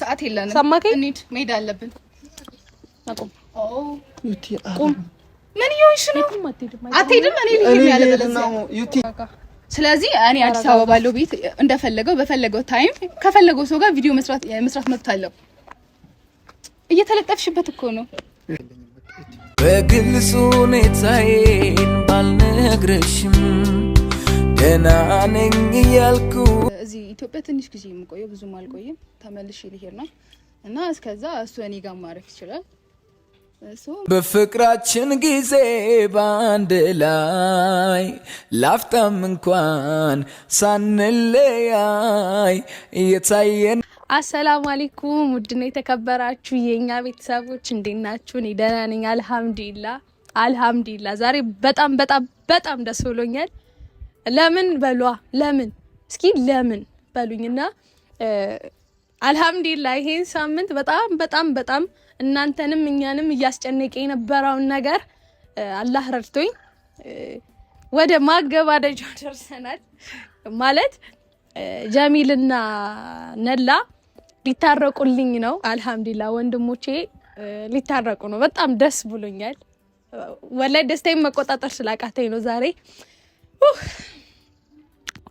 ሰዓት የለንም። ሰማከኝ። እንሂድ፣ መሄድ አለብን። አቁም። ምን ይሁንሽ ነው? አትሄድም። እኔ ልሄድ ነው ያለበለዚያ ስለዚህ እኔ አዲስ አበባ ባለው ቤት እንደፈለገው በፈለገው ታይም ከፈለገው ሰው ጋር ቪዲዮ መስራት መስራት መብት አለው። እየተለጠፍሽበት እኮ ነው። በግልጽ ሁኔታዬን ባልነግረሽም ገና ነኝ እያልኩ እዚህ ኢትዮጵያ ትንሽ ጊዜ የምቆየው ብዙም አልቆይም፣ ተመልሼ ልሄድ ነው እና እስከዛ እሱ እኔ ጋር ማረፍ ይችላል። በፍቅራችን ጊዜ በአንድ ላይ ላፍታም እንኳን ሳንለያይ እየታየን አሰላሙ አሌይኩም ውድና የተከበራችሁ የእኛ ቤተሰቦች እንዴት ናችሁ? እኔ ደህና ነኝ፣ አልሐምዱሊላ አልሐምዱሊላ። ዛሬ በጣም በጣም በጣም ደስ ብሎኛል። ለምን በሏ ለምን እስኪ ለምን በሉኝና አልሐምዱሊላ ይሄን ሳምንት በጣም በጣም በጣም እናንተንም እኛንም እያስጨነቀ የነበረውን ነገር አላህ ረድቶኝ ወደ ማገባደጃው ደርሰናል። ማለት ጀሚልና ነላ ሊታረቁልኝ ነው። አልሐምዱሊላ ወንድሞቼ ሊታረቁ ነው። በጣም ደስ ብሎኛል። ወላይ ደስታዬን መቆጣጠር ስላቃተኝ ነው ዛሬ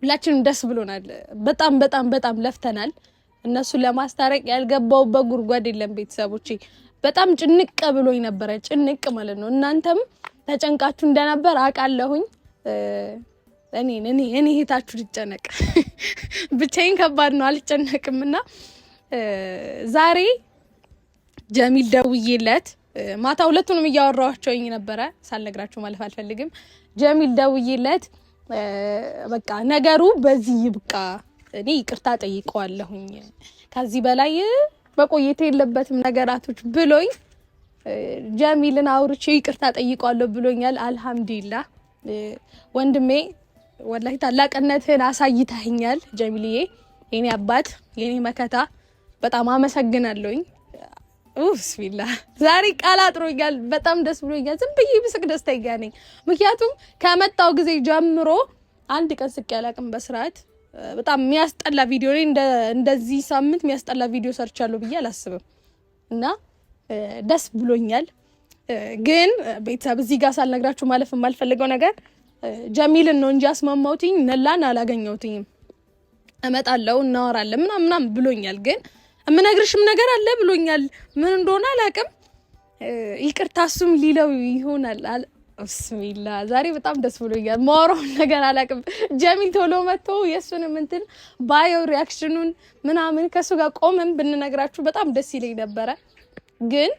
ሁላችንም ደስ ብሎናል። በጣም በጣም በጣም ለፍተናል። እነሱን ለማስታረቅ ያልገባውበት ጉድጓድ የለም። ቤተሰቦች በጣም ጭንቅ ብሎኝ ነበረ፣ ጭንቅ ማለት ነው። እናንተም ተጨንቃችሁ እንደነበር አውቃለሁኝ። እኔ እኔ እኔ ልጨነቅ ብቻዬን ከባድ ነው፣ አልጨነቅም እና ዛሬ ጀሚል ደውዬለት ማታ ሁለቱንም እያወራኋቸውኝ ነበረ፣ ሳልነግራችሁ ማለፍ አልፈልግም። ጀሚል ደውዬለት በቃ ነገሩ በዚህ ይብቃ። እኔ ይቅርታ ጠይቀዋለሁኝ። ከዚህ በላይ መቆየት የለበትም ነገራቶች ብሎኝ ጀሚልን አውርቼ ይቅርታ ጠይቀዋለሁ ብሎኛል። አልሐምዱላ ወንድሜ ወላሂ ታላቅነትህን አሳይተኸኛል ጀሚልዬ፣ የኔ አባት፣ የኔ መከታ በጣም አመሰግናለሁኝ። ቢስሚላ ዛሬ ቃል አጥሮኛል። በጣም ደስ ብሎኛል። ዝም ብዬ ብስቅ ደስተኛ ነኝ። ምክንያቱም ከመጣው ጊዜ ጀምሮ አንድ ቀን ስቄ አላቅም በስርዓት በጣም የሚያስጠላ ቪዲዮ ላይ እንደዚህ ሳምንት የሚያስጠላ ቪዲዮ ሰርቻለሁ ብዬ አላስብም እና ደስ ብሎኛል። ግን ቤተሰብ እዚህ ጋር ሳልነግራችሁ ማለፍ የማልፈልገው ነገር ጀሚልን ነው እንጂ አስማማውትኝ ነላን አላገኘውትኝም። እመጣለሁ እናወራለን ምናምን ብሎኛል ግን የምነግርሽም ነገር አለ ብሎኛል። ምን እንደሆነ አላውቅም። ይቅርታ እሱም ሊለው ይሆናል። ብስሚላ ዛሬ በጣም ደስ ብሎኛል። ማወራውን ነገር አላውቅም። ጀሚል ቶሎ መጥቶ የእሱንም እንትን ባዮ ሪያክሽኑን ምናምን ከእሱ ጋር ቆመን ብንነግራችሁ በጣም ደስ ይለኝ ነበረ ግን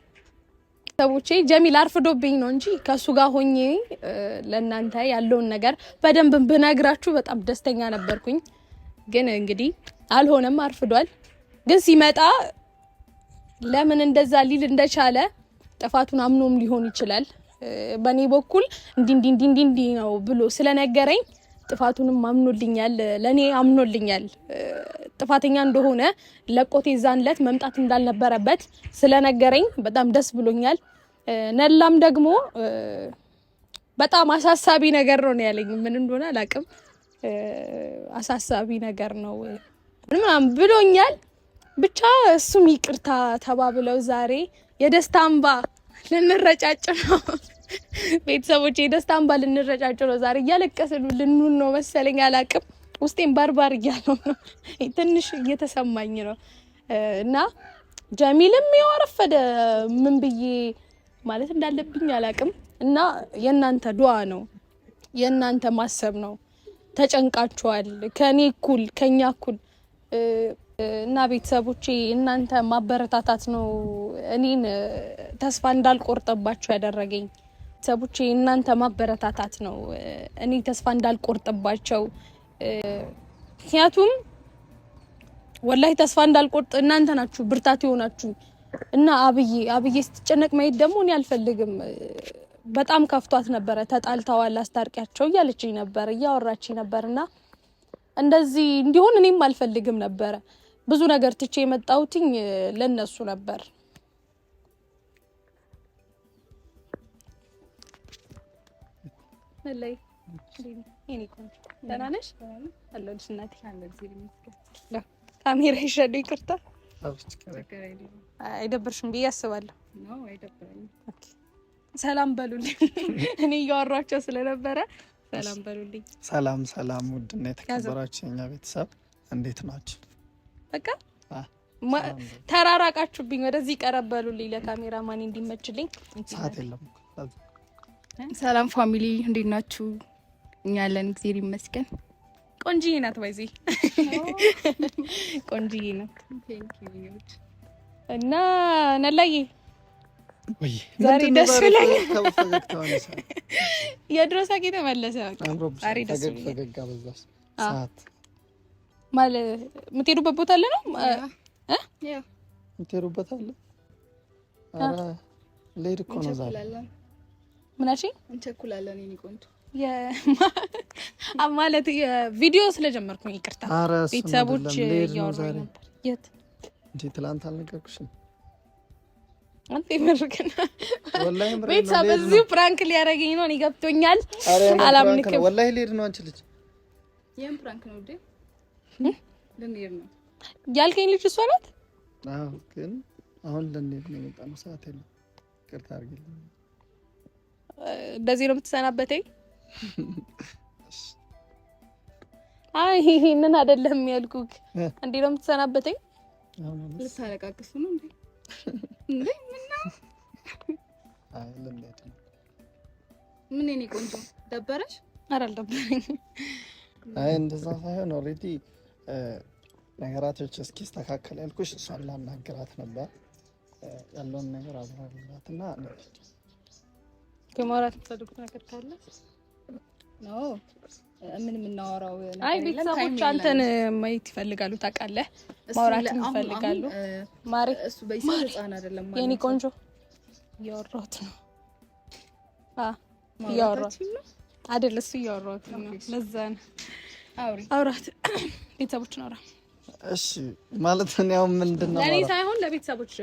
ቤተሰቦቼ ጀሚል አርፍዶብኝ ነው እንጂ ከእሱ ጋር ሆኜ ለእናንተ ያለውን ነገር በደንብ ብነግራችሁ በጣም ደስተኛ ነበርኩኝ። ግን እንግዲህ አልሆነም፣ አርፍዷል። ግን ሲመጣ ለምን እንደዛ ሊል እንደቻለ ጥፋቱን አምኖም ሊሆን ይችላል። በእኔ በኩል እንዲ እንዲ እንዲ እንዲ ነው ብሎ ስለነገረኝ ጥፋቱንም አምኖልኛል፣ ለእኔ አምኖልኛል። ጥፋተኛ እንደሆነ ለቆቴ ዛን ዕለት መምጣት እንዳልነበረበት ስለነገረኝ በጣም ደስ ብሎኛል። ነላም ደግሞ በጣም አሳሳቢ ነገር ነው ያለኝ። ምን እንደሆነ አላቅም። አሳሳቢ ነገር ነው ምናምን ብሎኛል። ብቻ እሱም ይቅርታ ተባብለው ዛሬ የደስታ አምባ ልንረጫጭ ነው። ቤተሰቦች የደስታ አምባ ልንረጫጭ ነው። ዛሬ እያለቀስን ልንሆን ነው መሰለኝ፣ አላቅም። ውስጤም ባርባር እያለው ነው፣ ትንሽ እየተሰማኝ ነው። እና ጀሚልም ያው አረፈደ። ምን ብዬ ማለት እንዳለብኝ አላቅም። እና የእናንተ ዱዓ ነው የእናንተ ማሰብ ነው። ተጨንቃችኋል፣ ከእኔ እኩል ከእኛ እኩል እና ቤተሰቦቼ እናንተ ማበረታታት ነው እኔን ተስፋ እንዳልቆርጥባችሁ ያደረገኝ። ቤተሰቦቼ እናንተ ማበረታታት ነው እኔ ተስፋ እንዳልቆርጥባቸው። ምክንያቱም ወላሂ ተስፋ እንዳልቆርጥ እናንተ ናችሁ ብርታት የሆናችሁ እና አብዬ አብዬ ስትጨነቅ ማየት ደግሞ እኔ አልፈልግም። በጣም ከፍቷት ነበረ። ተጣልተዋል፣ አስታርቂያቸው እያለችኝ ነበር፣ እያወራችኝ ነበር እና እንደዚህ እንዲሆን እኔም አልፈልግም ነበረ። ብዙ ነገር ትቼ የመጣሁትኝ ለነሱ ነበር። ካሜራ ይሻሉ ይቅርታ። አይደብርሽም ብዬ አስባለሁ። ሰላም በሉልኝ። እኔ እያወሯቸው ስለነበረ ሰላም በሉልኝ። ሰላም ሰላም። ውድና የተከበራችሁ የኛ ቤተሰብ እንዴት ናቸው? በቃ ተራራቃችሁብኝ። ወደዚህ ቀረበሉልኝ ለካሜራ ማን እንዲመችልኝ ሰዓት የለም። ሰላም ፋሚሊ እንዴት ናችሁ? እኛ ያለን እግዚአብሔር ይመስገን። ቆንጂዬ ናት፣ ባይዚ ቆንጂዬ ናት እና ነላዬ ዛሬ ደስ ብለኝ የድሮ ሳቄ ተመለሰ። ዛሬ ደስ ብለኝ የምትሄዱበት ቦታ አለ ነው የምትሄዱበት አለ። ኧረ ልሄድ እኮ ነው ዛሬ። ምን አልሽኝ? እንቸኩላለን የእኔ ቆንጆ ማለት ቪዲዮ ስለጀመርኩኝ ይቅርታ ቤተሰቦች እያወራሁ ነበር። የት እንደ ትናንት አልነገርኩሽም? አንተ ይመርቅና ቤተሰብ እዚሁ ፕራንክ ሊያደርገኝ ነው። እኔ ገብቶኛል፣ አላምንክም። ወላሂ ልሄድ ነው። አንቺ ልጅ ይህም ፕራንክ ነው ያልከኝ ልጅ እሷ ናት። ግን አሁን ልንሄድ ነው የመጣነው። ሰዓት የለም። ይቅርታ አድርጊልኝ። እንደዚህ ነው የምትሰናበተኝ? አይ ይሄንን አይደለም ያልኩህ። እንዴ ነው የምትሰናበተኝ? ልታለቃቅሱ ነው እንዴ? እንዴ ምን አይ ለምለት ምን እኔ ቆንጆ ደበረሽ? ኧረ አልደበረኝም። አይ እንደዛ ሳይሆን ኦልሬዲ ነገራቶች እስኪስተካከል ያልኩሽ እሷን ላናግራት ነበር። ያለውን ነገር አብራራት እና ከማውራት የምትፈልጉት ነገር ካለ ምን የምናወራው? አይ ቤተሰቦች አንተን ማየት ይፈልጋሉ፣ ታውቃለህ፣ ማውራትም ይፈልጋሉ። ማሬ እሱ በይሰው ህፃን አይደለም የኔ ቆንጆ እያወራሁት ነው። አዎ እያወራሁት አይደል? እሱ እያወራሁት ነው። ለዛ ነው አውራት ቤተሰቦችን አውራ። እሺ ማለት ነው ያው ምንድነው ለኔ ሳይሆን ለቤተሰቦች።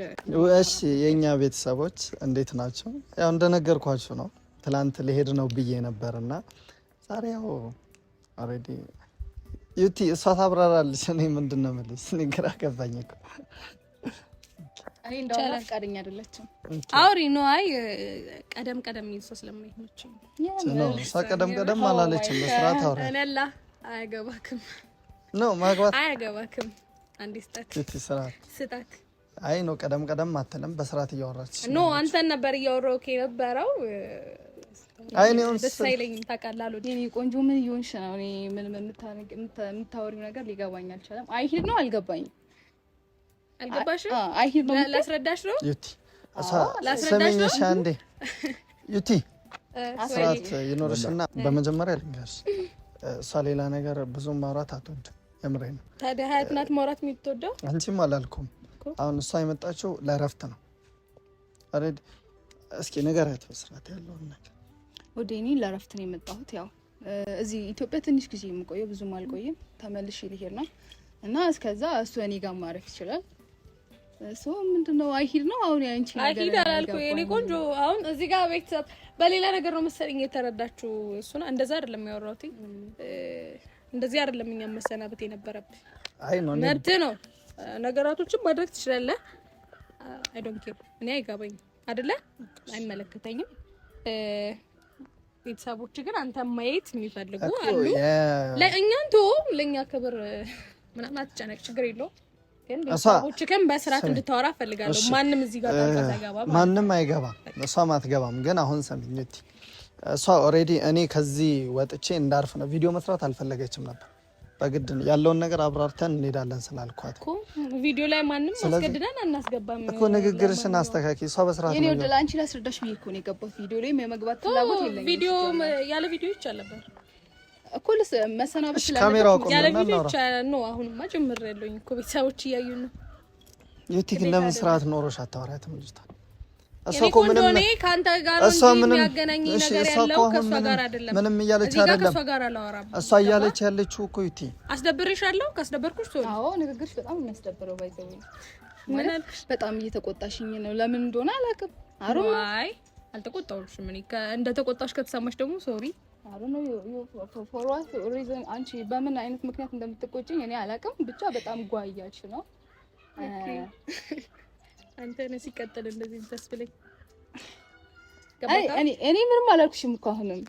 እሺ የኛ ቤተሰቦች እንዴት ናቸው? ያው እንደነገርኳችሁ ነው። ትላንት ሊሄድ ነው ብዬ ነበርና ዛሬ ያው ኦልሬዲ ዩቲ እሷ ታብራራለች። እኔ ምንድን ነው የምልሽ? እኔ ግራ ገባኝ እኮ ቀደም ቀደም ቀደም ቀደም አላለችም። አያገባክም ነው ማግባት አያገባክም። አንዴ ስጣት ስጣት። አይ ነው ቀደም ቀደም አትልም። በስርዓት እያወራች ኖ አንተን ነበር እያወራው የነበረው። አይ ነው ደስ አይለኝም ታውቃለህ። አልወድም የእኔ ቆንጆ። ምን እየሆንሽ ነው? እኔ ምን የምታወሪው ነገር ሊገባኝ አልቻለም። አይሂድ ነው አልገባኝም። አልገባሽ? አይሂድ ነው ነው ዩቲ ላስረዳሽ ነው ዩቲ ስርዓት ይኖርሽና በመጀመሪያ ልንገርሽ እሷ ሌላ ነገር ብዙ ማውራት አትወድም። የምሬ ነው። ታዲያ ሀያት ናት ማውራት የምትወደው። አንቺም አላልኩም። አሁን እሷ የመጣችው ለእረፍት ነው። አሬድ እስኪ ንገሪያት በስርዓት ያለውን ነገር። ወደ እኔ ለእረፍት ነው የመጣሁት። ያው እዚህ ኢትዮጵያ ትንሽ ጊዜ የምቆየው ብዙም አልቆይም፣ ተመልሼ ልሄድ ነው እና እስከዛ እሱ እኔ ጋር ማረፍ ይችላል ሶ ምንድነው አይሂድ ነው አሁን ያንቺ ነገር አይሂድ አላልኩ የኔ ቆንጆ። አሁን እዚህ ጋር ቤተሰብ በሌላ ነገር ነው መሰለኝ የተረዳችሁ። እሱና እንደዛ አይደለም ያወራሁት፣ እንደዚህ አይደለም እኛም መሰናበት የነበረብህ። አይ ነው መብት ነው፣ ነገራቶችን ማድረግ ትችላለህ። አይ ዶንት ኬር እኔ አይጋባኝም አይደለ፣ አይመለከተኝም። ቤተሰቦች ግን አንተ ማየት የሚፈልጉ አሉ። ለእኛን ቶ ለእኛ ክብር ምናምን አትጨነቅ፣ ችግር የለውም ግን በስርዓት እንድታወራ እፈልጋለሁ። ማንም እዚህ ጋር ማንም አይገባም፣ እሷም አትገባም። ግን አሁን ሰሚኝቲ እሷ ኦልሬዲ እኔ ከዚህ ወጥቼ እንዳርፍ ነው ቪዲዮ መስራት አልፈለገችም ነበር። በግድ ያለውን ነገር አብራርተን እንሄዳለን ስላልኳት ቪዲዮ ላይ ማንም አስገድደን አናስገባም እኮ። ንግግርሽን አስተካኪ። እሷ በስርዓት ነው። እኔ ላስረዳሽ ብዬሽ እኮ ነው የገባሁት። ቪዲዮ ላይ የመግባት ፍላጎት የለኝም። ቪዲዮ ያለ ቪዲዮ ይቻላል ነበር እኮ መሰናበት ካሜራው እኮ ያለ ቪዲዮ ይቻላል እኮ ቤተሰቦች እያዩ ነው። ዩቲ ግን ለምን ስርዓት ኖሮሽ አታወራትም? ልጅቷ እሷ እኮ ምንም ከአንተ ጋር ምንም እያለች አይደለም። እሷ እያለች ያለችው እኮ ዩቲ አስደብርሻለሁ። ካስደበርኩሽ አዎ፣ ንግግርሽ በጣም የሚያስደብረው ባይዘው በጣም እየተቆጣሽኝ ነው። ለምን እንደሆነ አላውቅም። አይ አልተቆጣሁሽም። እኔ ከተሰማሽ ደግሞ ሶሪ ፎርዋርድ ሪዝን አንቺ በምን አይነት ምክንያት እንደምትቆጭኝ እኔ አላውቅም። ብቻ በጣም ጓያች ነው አንተ ነህ። ሲቀጥል እንደዚህ ተስብለኝ እኔ ምንም አላልኩሽም እኮ አሁንም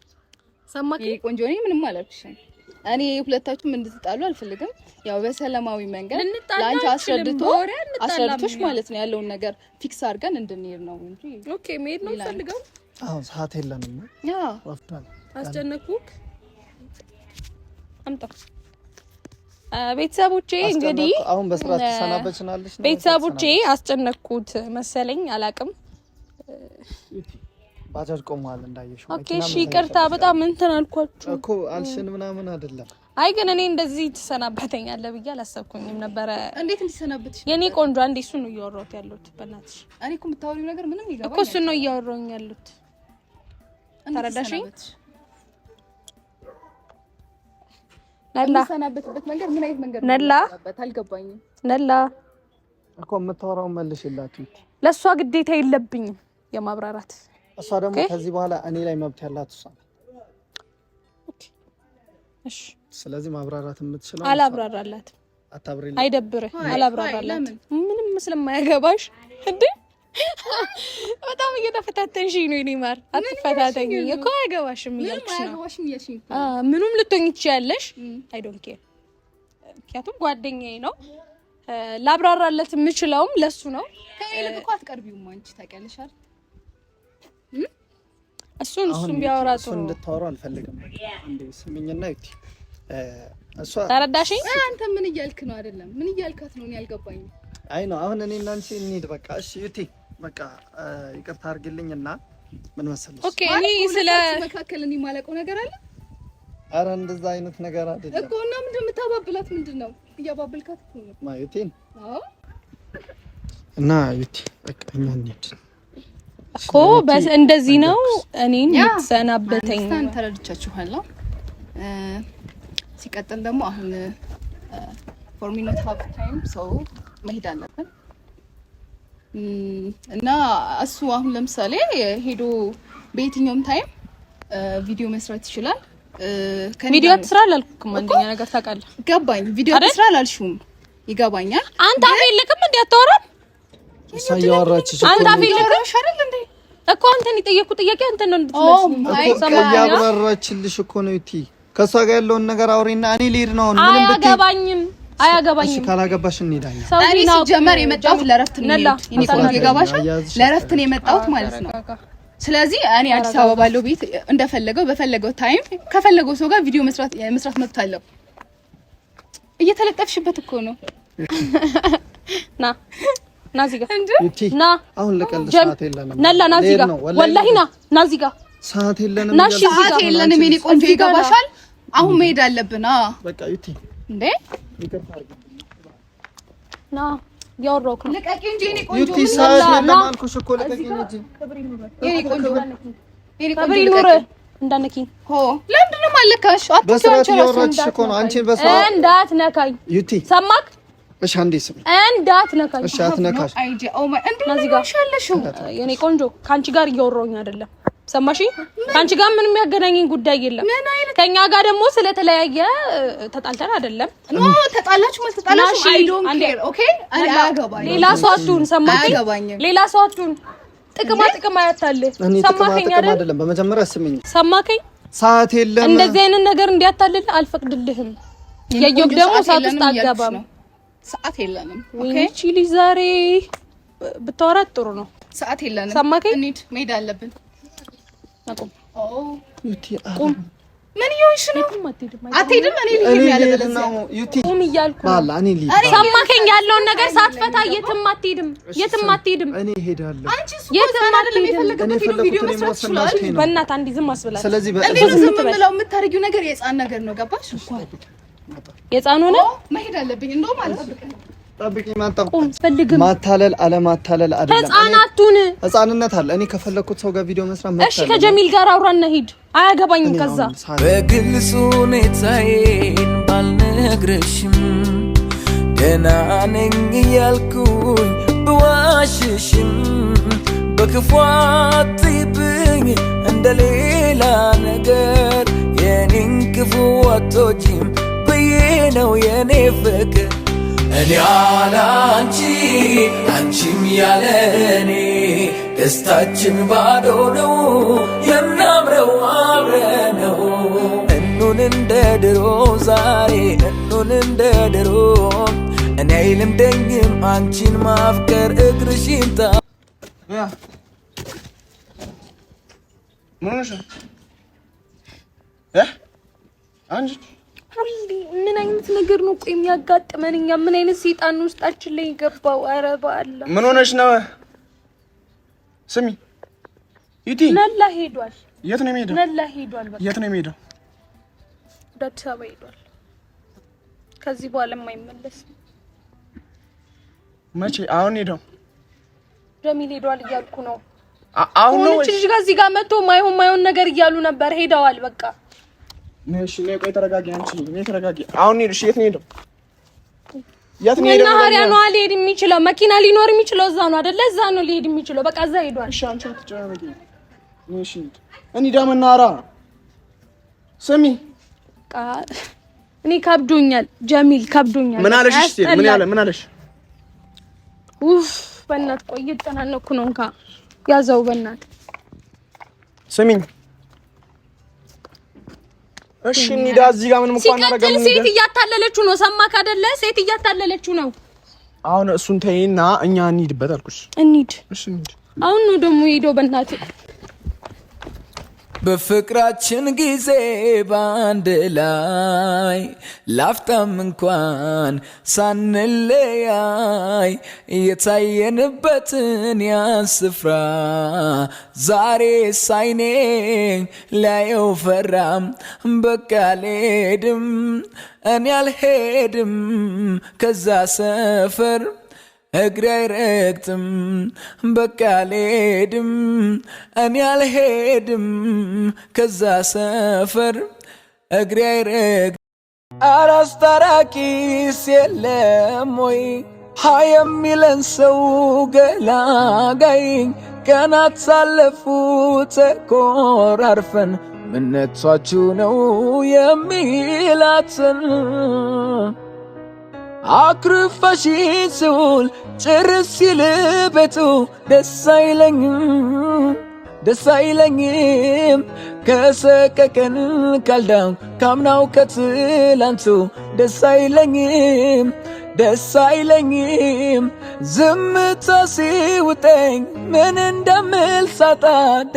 ሰማክ ቆንጆ፣ እኔ ምንም አላልኩሽም። እኔ ሁለታችሁም እንድትጣሉ አልፈልግም። ያው በሰላማዊ መንገድ ለአንቺ አስረድቶ አስረድቶሽ ማለት ነው ያለውን ነገር ፊክስ አድርገን እንድንሄድ ነው እንጂ ኦኬ፣ መሄድ ነው ፈልገው። አዎ ሰዓት የለንም። አዎ ወፍቷል። አስጨነኩክ። አምጣ ቤተሰቦቼ እንግዲህ አሁን በስራት ተሰናበችናለሽ። ቤተሰቦቼ አስጨነቅኩት መሰለኝ አላቅም። ባጃጅ ቆሟል እንዳየሽው። ኦኬ እሺ፣ ይቅርታ በጣም እንትን አልኳችሁ እኮ አልሽን ምናምን አይደለም። አይ ግን እኔ እንደዚህ ትሰናበተኛለህ ብዬ አላሰብኩኝም ነበረ። እንዴት እንዲሰናበትሽ የኔ ቆንጆ? አንዴ እሱን ነው እያወራሁት ያለሁት። በእናትሽ እኔ እኮ የምታወሪው ነገር ምንም ይገባኝ እኮ እሱን ነው እያወራሁኝ ያለሁት። ተረዳሽኝ? ነላ ሰናበትበት መንገድ ምን ነላ እኮ የምታወራው መልሽላት። ለእሷ ግዴታ የለብኝም የማብራራት። እሷ ደግሞ ከዚህ በኋላ እኔ ላይ መብት ያላት እሷ። ስለዚህ ማብራራት የምትችለው አላብራራላትም። አታብሪ አይደብርህ። አላብራራላት ምንም ስለማያገባሽ እንዴ በጣም እየተፈታተንሽኝ ነው። የእኔ ማር አትፈታተኝ እኮ አያገባሽም እያልኩሽ ነው። ምኑም ልትሆኝ ትችያለሽ። አይ ዶንት ኬር ምክንያቱም ጓደኛዬ ነው። ላብራራለት የምችለውም ለሱ ነው። ከሌለ እኮ አትቀርቢውም አንቺ ታውቂያለሽ እሱን እሱን ቢያወራ ጥሩ ነው። እንድታወሩ አልፈልግም። እንዴ ስምኝና ይት እሷ ተረዳሽኝ። አንተ ምን እያልክ ነው? አይደለም ምን እያልካት ነው? እኔ አልገባኝም። አይ ነው አሁን እኔ እና እንሂድ በቃ እሺ ይቴ በቃ ይቅርታ አድርግልኝ እና ምን መሰለሽ፣ ኦኬ እኔ ስለ መካከል እኔ ማለቀው ነገር አለ። አረ እንደዛ አይነት ነገር አይደለም እኮ እና ምንድን የምታባብላት ምንድን ነው? እያባብልካት እኮ ነው ማየቴን። አዎ እና ዩቲ በቃ እኛ እንሂድ እኮ በስ እንደዚህ ነው እኔን የምትሰናበተኝ። ተረድቻችኋለሁ። ሲቀጥል ደግሞ አሁን ፎር ሚ ኖት ሃቭ ታይም ሶ መሄድ አለብን። እና እሱ አሁን ለምሳሌ ሄዶ በየትኛውም ታይም ቪዲዮ መስራት ይችላል። ቪዲዮ ትስራ አላልኩም። አንደኛ ነገር ታውቃለህ፣ ገባኝ። ቪዲዮ ትስራ አላልሽውም፣ ይገባኛል። አንተ አፍ የለክም እንዴ? አታወራም? ሳይወራች ይችላል። አንተ አፍ የለክም አይደል እንዴ? እኮ አንተን የጠየኩት ጥያቄ አንተን ነው እንድትመልስ። እያብራራችልሽ እኮ ነው። እቲ ከእሷ ጋር ያለውን ነገር አውሪና እኔ ልሄድ ነው። ምንም ብትይ አያገባኝም አያገባኝ። ካላገባሽ እንሄዳለን። እኔ ሲጀመር የመጣሁት ለረፍት ነው ለረፍት ነው የመጣሁት ማለት ነው። ስለዚህ እኔ አዲስ አበባ ባለው ቤት እንደፈለገው በፈለገው ታይም ከፈለገው ሰው ጋር ቪዲዮ መስራት መስራት መብት አለው። እየተለጠፍሽበት እኮ ነው። ና ና እዚህ ጋር ና አሁን ለቀልድ ሰዓት የለንም። ነላ ና እዚህ ጋር ወላሂ ና ና እዚህ ጋር ሰዓት የለንም። ና እሺ ሰዓት የለንም። የእኔ ቆንጆ ይገባሻል። አሁን መሄድ አለብን። በቃ ዩቲ እንዴ ና ያወራሁት ልቀቂ እንጂ የእኔ ቆንጆ አልኩሽ እኮ ልቀቂ እንጂ የእኔ ቆንጆ ከብሪ ኑር እንዳነኪኝ ለምንድን ነው የማለካሽ በስርዓት እያወራችሽ እኮ ነው አንቺን በስርዓት እንዳትነካኝ ዩቲ ሰማክ እሺ አንዴ ስሚ እንዳትነካኝ እሺ አትነካሽ የእኔ ቆንጆ ከአንቺ ጋር እያወራሁኝ አይደለም ሰማሽ? ከአንቺ ጋር ምንም የሚያገናኘኝ ጉዳይ የለም። ከኛ ጋር ደግሞ ስለተለያየ ተጣልተን አይደለም። ኖ ተጣላችሁ ተጣላችሁ፣ አይ ዶንት ኬር ኦኬ። ሌላ ሰው አትሁን፣ ሰማሽኝ? ሌላ ሰው አትሁን። ጥቅማ ጥቅም አያታልህ። ሰማከኝ አይደለም? በመጀመሪያ ስሚኝ፣ ሰማከኝ? ሰዓት የለም። እንደዚህ አይነት ነገር እንዲያታልል አልፈቅድልህም። ያየው ደግሞ ሰዓት ውስጥ አትገባም። ሰዓት የለንም። ኦኬ ቺሊ ዛሬ ብታወራት ጥሩ ነው። ሰዓት የለንም። ሰማከኝ? እንሂድ፣ መሄድ አለብን አቁም። ምን እየሆንሽ ነው? አትሄድም። እኔ ልሄድ ያለውን ነገር ሳትፈታ የትም አትሄድም፣ የትም አትሄድም። እኔ ሄዳለሁ። በእናትህ አንዴ ዝም አስብላት። ስለዚህ የምታደርጊው ነገር የህፃን ነገር ነው። ገባሽ? የህፃን ሆነ መሄድ አለብኝ እንደውም ማታለል አለማታለል አይደለም። ህፃናቱን ህፃንነት አለ። እኔ ከፈለኩት ሰው ጋር ቪዲዮ መስራት መጣ። እሺ ከጀሚል ጋር አውራና ሂድ፣ አያገባኝም። ከዛ በግልጽ ሁኔታዬን ባልነግረሽም ገና ነኝ እያልኩኝ ብዋሽሽም በክፉ አትይብኝ እንደ ነገር የኔን ክፉ አትወጂም ብዬ ነው የኔ ፍቅር እኔ ያለ አንቺ አንቺም ያለ እኔ ደስታችን ባዶ ነው። የምናምረው አብረ ነው። እኑን እንደ ድሮ ዛሬ እኑን እንደ ድሮ እኔ አይልምደኝም አንቺን ማፍቀር እግርሽን ታ ምን አንቺ ሁሌ ምን አይነት ነገር ነው ቆይ የሚያጋጥመን? እኛ ምን አይነት ሰይጣን ውስጣችን ላይ የገባው? ኧረ በአላህ ምን ሆነሽ ነው? ስሚ ይዲ ነላ ሄዷል። የት ነው የሚሄደው? ነላ ሄዷል። በቃ የት ነው የሚሄደው? ወደ አዲስ አበባ ሄዷል። ከዚህ በኋላ የማይመለስ መቼ? አሁን ሄደው ጀሚል ሄዷል እያልኩ ነው። አሁን ነው እዚህ ጋር መጥቶ ማይሆን ማይሆን ነገር እያሉ ነበር። ሄደዋል በቃ እሺ ነይ፣ ቆይ ተረጋጊ። አንቺ ነይ ተረጋጊ። አሁን ሄድ። እሺ የት ነው ሄደው? የት ነው ሄደው? ሀሪያ ነው ሊሄድ የሚችለው መኪና ሊኖር የሚችለው እዛ ነው አይደለ? እዛ ነው ሊሄድ የሚችለው። በቃ እዛ ሄዷል። እሺ አንቺ አትጨናነቂ። እሺ እንሂዳ መናኸሪያ። ስሚ እኔ ከብዶኛል፣ ጀሚል ከብዶኛል። ምን አለሽ? እስቲ ምን ያለ ምን አለሽ? ኡፍ በእናትህ ቆይ፣ እየተጨናነኩ ነው። እንካ ያዘው በእናትህ ስሚኝ እሺ እንሂዳ። እዚህ ጋር ምንም እንኳን አደረገም። ሴት እያታለለችው ነው። ሰማክ አይደለ? ሴት እያታለለችው ነው። አሁን እሱን ተይና እኛ እንሂድበት አልኩሽ። እንሂድ። እሺ እንሂድ። አሁን ነው ደግሞ ሄደው በእናትህ በፍቅራችን ጊዜ በአንድ ላይ ላፍታም እንኳን ሳንለያይ የታየንበትን ያን ስፍራ ዛሬ ሳይኔ ላየው ፈራም። በቃ አልሄድም እኔ አልሄድም ከዛ ሰፈር እግሬ አይረግጥም፣ በቃ አልሄድም፣ እኔ አልሄድም ከዛ ሰፈር እግሬ አይረግጥም። አራስታራቂስ የለም ወይ ሃ የሚለን ሰው ገላጋይ ቀናት ሳለፉ ተኮራርፈን ምነቷችሁ ነው የሚላትን አክርፋሽ ስውል ጭርስ ሲል ቤቱ ደስ አይለኝም ደስ አይለኝም ከሰቀቀን ካልዳም ካምናው ከትላንቱ ደስ አይለኝም ደስ አይለኝም ዝምታ ሲውጠኝ ምን እንደምል ሳጣ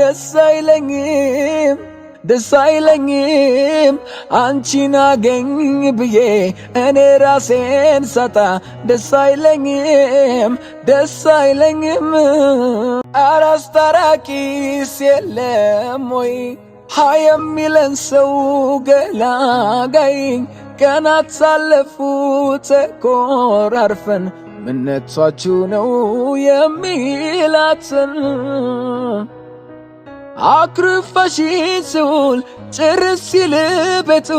ደስ አይለኝም ደስ አይለኝም አንቺን አገኝ ብዬ እኔ ራሴን ሳጣ ደስ አይለኝም ደስ አይለኝም። ኧረ አስታራቂስ የለም ወይ ሃ የሚለን ሰው ገላጋይ ቀናት ሳለፉ ተኮራርፈን ምነቷችሁ ነው የሚላትን አኩርፈሽን ስውል ጭርስ ሲል ቤቱ